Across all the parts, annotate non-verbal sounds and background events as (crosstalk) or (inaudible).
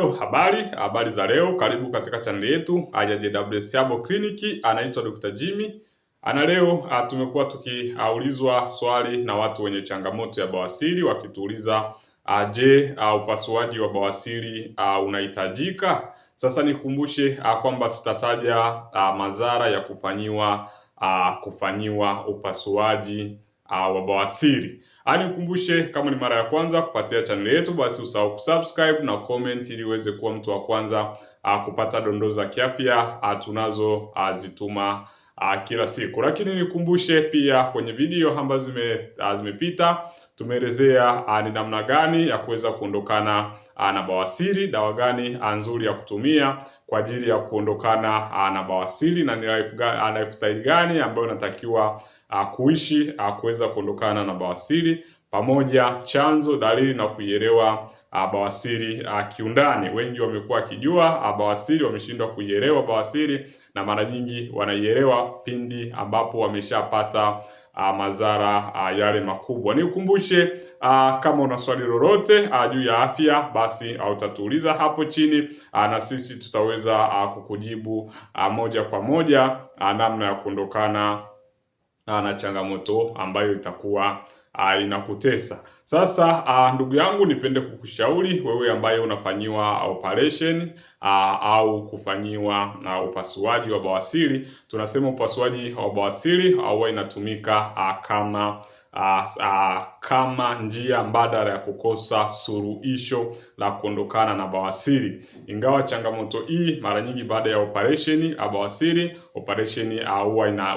Wapendwa, habari habari za leo, karibu katika chaneli yetu ya JWS Herbal Clinic. Anaitwa Dr. Jimmy ana leo tumekuwa tukiulizwa swali na watu wenye changamoto ya bawasiri wakituuliza, je, upasuaji wa bawasiri unahitajika? Sasa nikumbushe kwamba tutataja madhara ya kufanyiwa kufanyiwa upasuaji wa bawasiri. kumbushe kama ni mara ya kwanza kupatia chaneli yetu, basi usahau kusubscribe na comment ili uweze kuwa mtu wa kwanza ah, kupata dondoo za kiafya ah, tunazozituma ah, kila siku. Lakini nikumbushe pia, kwenye video ambazo zimepita tumeelezea ni namna gani ya kuweza kuondokana na bawasiri, dawa gani nzuri ya kutumia kwa ajili ya kuondokana na bawasiri na ni lifestyle gani ambayo inatakiwa kuishi kuweza kuondokana na bawasiri pamoja chanzo, dalili na kuielewa bawasiri kiundani. Wengi wamekuwa wakijua bawasiri, wameshindwa kuielewa bawasiri, na mara nyingi wanaielewa pindi ambapo wameshapata uh, madhara uh, yale makubwa. Nikukumbushe uh, kama una swali lolote uh, juu ya afya, basi uh, utatuuliza hapo chini uh, na sisi tutaweza uh, kukujibu uh, moja kwa moja uh, namna ya kuondokana na changamoto ambayo itakuwa Ah, inakutesa Sasa a, ah, ndugu yangu, nipende kukushauri wewe ambaye unafanyiwa operation a, ah, au kufanyiwa na upasuaji wa bawasiri. Tunasema upasuaji wa bawasiri huwa inatumika a, kama uh, uh, kama njia mbadala ya kukosa suluhisho la kuondokana na bawasiri. Ingawa changamoto hii mara nyingi baada ya operesheni bawasiri, operesheni ah, huwa ina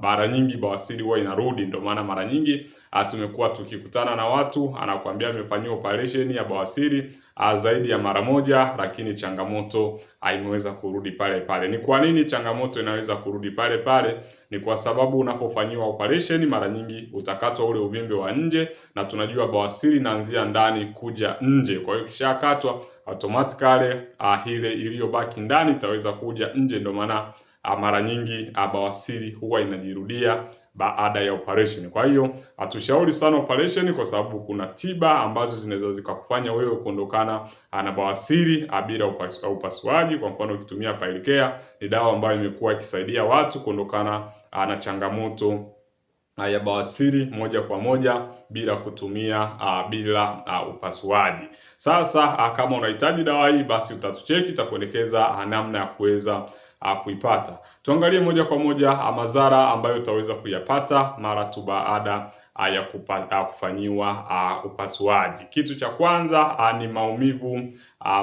mara nyingi bawasiri huwa inarudi. Ndio maana mara nyingi tumekuwa tukikutana na watu anakuambia amefanyiwa operation ya bawasiri Ah, zaidi ya mara moja, lakini changamoto ah, imeweza kurudi pale pale. Ni kwa nini changamoto inaweza kurudi pale pale? Ni kwa sababu unapofanyiwa operation mara nyingi utakatwa ule uvimbe wa nje, na tunajua bawasiri inaanzia ndani kuja nje. Kwa hiyo kishakatwa automatically ah, ile iliyobaki ndani itaweza kuja nje, ndio maana mara nyingi bawasiri huwa inajirudia baada ya operation. Kwa hiyo hatushauri sana operation kwa sababu kuna tiba ambazo zinaweza zikakufanya wewe kuondokana ah, na bawasiri ah, bila upasuaji. Kwa mfano ukitumia Pailikea, ni dawa ambayo imekuwa ikisaidia watu kuondokana ah, na changamoto ya bawasiri moja kwa moja bila kutumia uh, bila uh, upasuaji. Sasa uh, kama unahitaji dawa hii basi utatucheki, itakuelekeza namna ya kuweza kuipata. Tuangalie moja kwa moja ah, madhara ambayo utaweza kuyapata mara tu baada ah, ya ah, kufanyiwa upasuaji. Kitu cha kwanza ni maumivu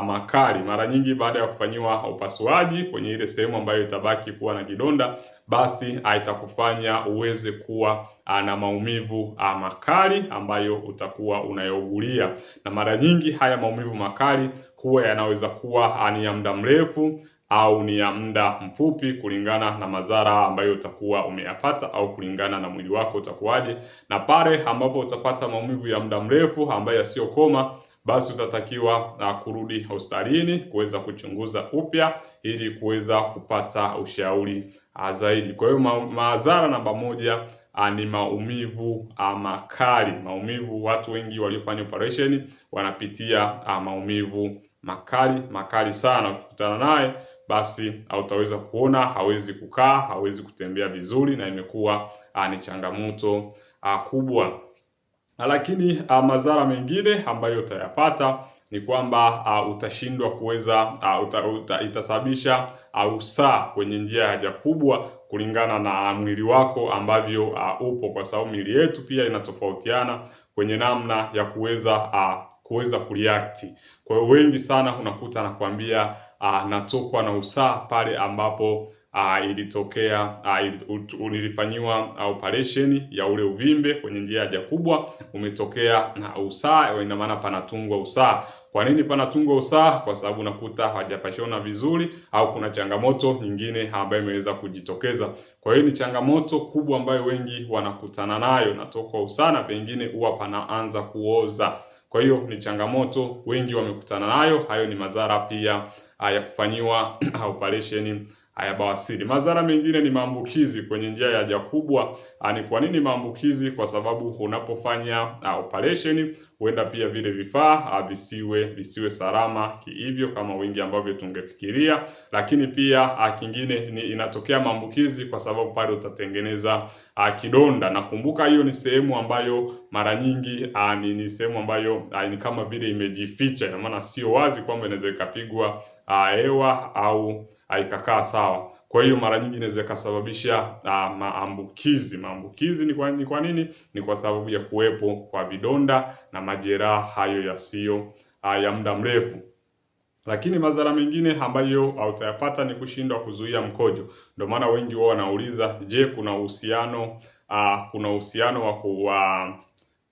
makali. Mara nyingi baada ya kufanyiwa upasuaji kwenye ile sehemu ambayo itabaki kuwa na kidonda, basi itakufanya uweze kuwa na maumivu makali ambayo utakuwa unayougulia, na mara nyingi haya maumivu makali huwa yanaweza kuwa ni ya muda mrefu au ni ya muda mfupi kulingana na madhara ambayo utakuwa umeyapata au kulingana na mwili wako utakuwaje. Na pale ambapo utapata maumivu ya muda mrefu ambayo yasiyokoma, basi utatakiwa na ah, kurudi hospitalini kuweza kuchunguza upya ili kuweza kupata ushauri ah, zaidi. Kwa hiyo madhara namba moja ah, ni maumivu makali. Maumivu, watu wengi waliofanya operation wanapitia maumivu makali makali sana, ukikutana naye basi hautaweza kuona, hawezi kukaa, hawezi kutembea vizuri, na imekuwa ah, ni changamoto ah, kubwa. Ah, lakini madhara mengine ambayo utayapata ni kwamba uh, utashindwa kuweza uh, uta, uta, itasababisha uh, usaa kwenye njia ya haja kubwa kulingana na mwili wako ambavyo uh, upo, kwa sababu mwili yetu pia inatofautiana kwenye namna ya kuweza uh, kuweza kureact. Kwa hiyo wengi sana unakuta anakuambia uh, ah, natokwa na usaa pale ambapo uh, ilitokea uh, nilifanyiwa operation ya ule uvimbe kwenye njia haja kubwa, umetokea na usaa, eh, ina maana panatungwa usaa. Kwa nini panatungwa usaha? Kwa sababu nakuta hajapashona vizuri au kuna changamoto nyingine ambayo imeweza kujitokeza. Kwa hiyo ni changamoto kubwa ambayo wengi wanakutana nayo, natokwa usaha na pengine huwa panaanza kuoza. Kwa hiyo ni changamoto wengi wamekutana nayo, hayo ni madhara pia ah, ya kufanyiwa (clears throat) operation hayabawasili. Madhara mengine ni maambukizi kwenye njia ya haja kubwa. Ah, ni kwa nini maambukizi? Kwa sababu unapofanya ah, operation huenda pia vile vifaa ah, visiwe visiwe salama kiivyo kama wengi ambavyo tungefikiria, lakini pia kingine ni inatokea maambukizi kwa sababu pale utatengeneza kidonda, Nakumbuka hiyo ni sehemu ambayo mara nyingi ni, ni sehemu ambayo ni kama vile imejificha, ina maana sio wazi kwamba inaweza ikapigwa hewa au haikakaa sawa. Kwa hiyo mara nyingi inaweza ikasababisha uh, maambukizi. Maambukizi ni kwa, ni kwa nini? Ni kwa sababu ya kuwepo kwa vidonda na majeraha hayo yasiyo uh, ya muda mrefu. Lakini madhara mengine ambayo utayapata ni kushindwa kuzuia mkojo. Ndio maana wengi wao wanauliza, je, kuna uhusiano uh, kuna uhusiano wa kuwa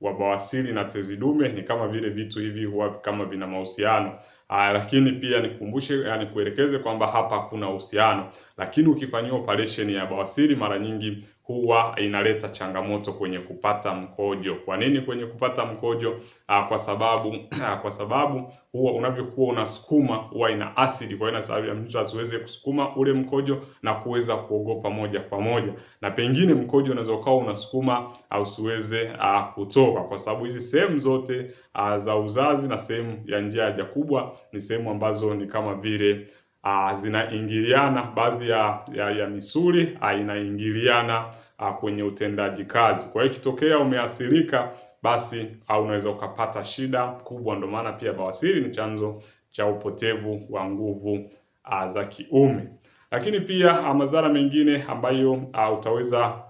wa bawasiri na tezi dume? Ni kama vile vitu hivi huwa kama vina mahusiano. Aa, lakini pia nikukumbushe, yani kuelekeze kwamba hapa kuna uhusiano, lakini ukifanyiwa operation ya bawasiri mara nyingi huwa inaleta changamoto kwenye kupata mkojo. Kwa nini kwenye kupata mkojo? Aa, ah, kwa sababu aa, (clears throat) ah, kwa sababu huwa unavyokuwa unasukuma huwa ina asidi, kwa hiyo inasababisha mtu asiweze kusukuma ule mkojo na kuweza kuogopa moja kwa moja, na pengine mkojo unaweza ukawa unasukuma au ah, usiweze kutoka, kwa sababu hizi sehemu zote aa, za uzazi na sehemu ya njia ya haja kubwa ni sehemu ambazo ni kama vile uh, zinaingiliana baadhi ya, ya, ya misuli ah, inaingiliana ah, kwenye utendaji kazi. Kwa hiyo ikitokea umeathirika, basi au unaweza ukapata shida kubwa. Ndio maana pia bawasiri ni chanzo cha upotevu wa nguvu za kiume. Lakini pia madhara mengine ambayo uh, utaweza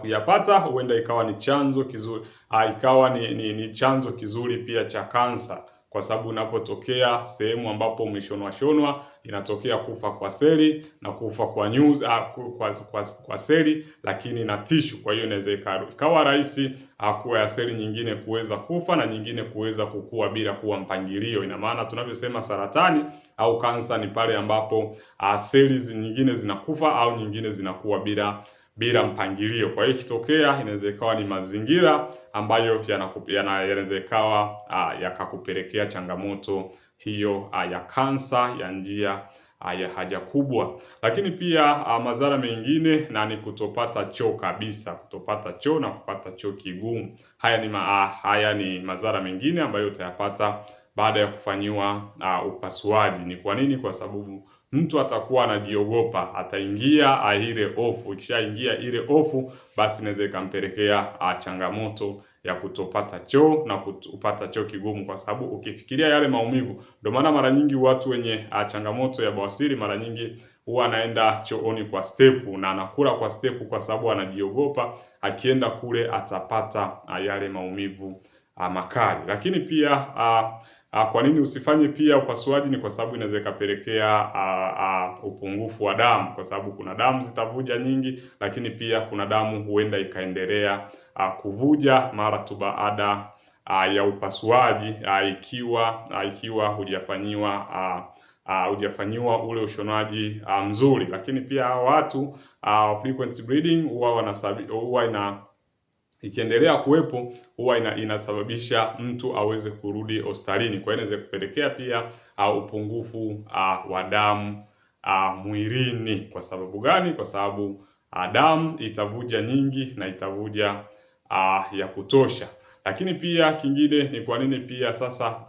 kuyapata huenda ikawa ni chanzo kizuri, ikawa ni, ni, ni chanzo kizuri pia cha kansa kwa sababu unapotokea sehemu ambapo umeshonwa shonwa, inatokea kufa kwa seli na kufa kwa nyuzi, ah, kwa, kwa, kwa seli lakini na tishu. Kwa hiyo inaweza ikawa rahisi akuwa ah, ya seli nyingine kuweza kufa na nyingine kuweza kukua bila kuwa mpangilio. Ina maana tunavyosema saratani au kansa ni pale ambapo ah, seli nyingine zinakufa au nyingine zinakuwa bila bila mpangilio. Kwa hiyo ikitokea, inaweza ikawa ni mazingira ambayo yanaweza ikawa yakakupelekea changamoto hiyo ya kansa ya njia ya haja kubwa. Lakini pia madhara mengine na ni kutopata choo kabisa, kutopata choo na kupata choo kigumu. Haya ni, ma, haya ni madhara mengine ambayo utayapata baada ya kufanyiwa upasuaji. Ni kwa nini? Kwa sababu mtu atakuwa anajiogopa, ataingia ile hofu. Ikishaingia ile hofu, basi inaweza ikampelekea ah, changamoto ya kutopata choo na kupata choo kigumu, kwa sababu ukifikiria yale maumivu. Ndio maana mara nyingi watu wenye ah, changamoto ya bawasiri mara nyingi huwa anaenda chooni kwa stepu na anakula kwa stepu, kwa sababu anajiogopa akienda kule atapata ah, yale maumivu makali, lakini pia uh, Ah, kwa nini usifanye pia upasuaji? Ni kwa sababu inaweza ikapelekea ah, ah, upungufu wa damu, kwa sababu kuna damu zitavuja nyingi, lakini pia kuna damu huenda ikaendelea uh, kuvuja mara tu baada ya upasuaji uh, ikiwa uh, ikiwa hujafanyiwa hujafanyiwa ule ushonaji uh, mzuri. Lakini pia hawa watu uh, frequency bleeding huwa wanasabi, huwa ina ikiendelea kuwepo huwa ina, inasababisha mtu aweze kurudi hospitalini. Kwa hiyo inaweza kupelekea pia uh, upungufu uh, wa damu uh, mwilini. Kwa sababu gani? Kwa sababu uh, damu itavuja nyingi na itavuja uh, ya kutosha. Lakini pia kingine ni kwa nini pia sasa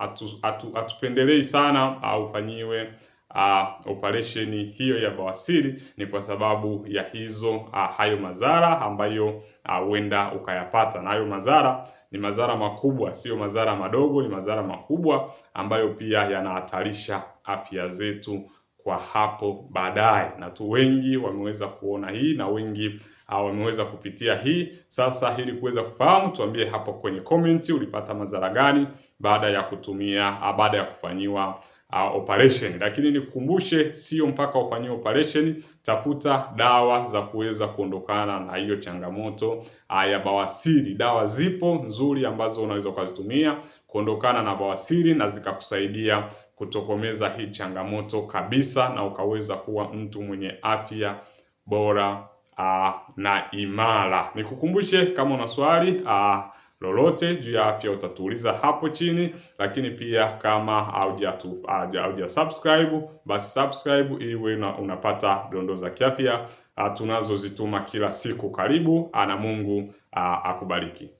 atupendelei sana uh, ufanyiwe Uh, operesheni hiyo ya bawasiri ni kwa sababu ya hizo uh, hayo madhara ambayo Ah, huenda uh, ukayapata, na hayo madhara ni madhara makubwa, sio madhara madogo, ni madhara makubwa ambayo pia yanahatarisha afya zetu kwa hapo baadaye, na tu wengi wameweza kuona hii na wengi uh, wameweza kupitia hii. Sasa ili kuweza kufahamu, tuambie hapo kwenye comment ulipata madhara gani baada ya kutumia uh, baada ya kufanyiwa uh, operation. Lakini nikukumbushe, sio mpaka ufanyie operation. Tafuta dawa za kuweza kuondokana na hiyo changamoto uh, ya bawasiri. Dawa zipo nzuri ambazo unaweza ukazitumia kuondokana na bawasiri na zikakusaidia kutokomeza hii changamoto kabisa, na ukaweza kuwa mtu mwenye afya bora uh, na imara. Nikukumbushe kama una swali uh, lolote juu ya afya utatuuliza hapo chini, lakini pia kama hauja subscribe basi subscribe iwe na unapata dondoo za kiafya ah, tunazozituma kila siku. Karibu na Mungu ah, akubariki.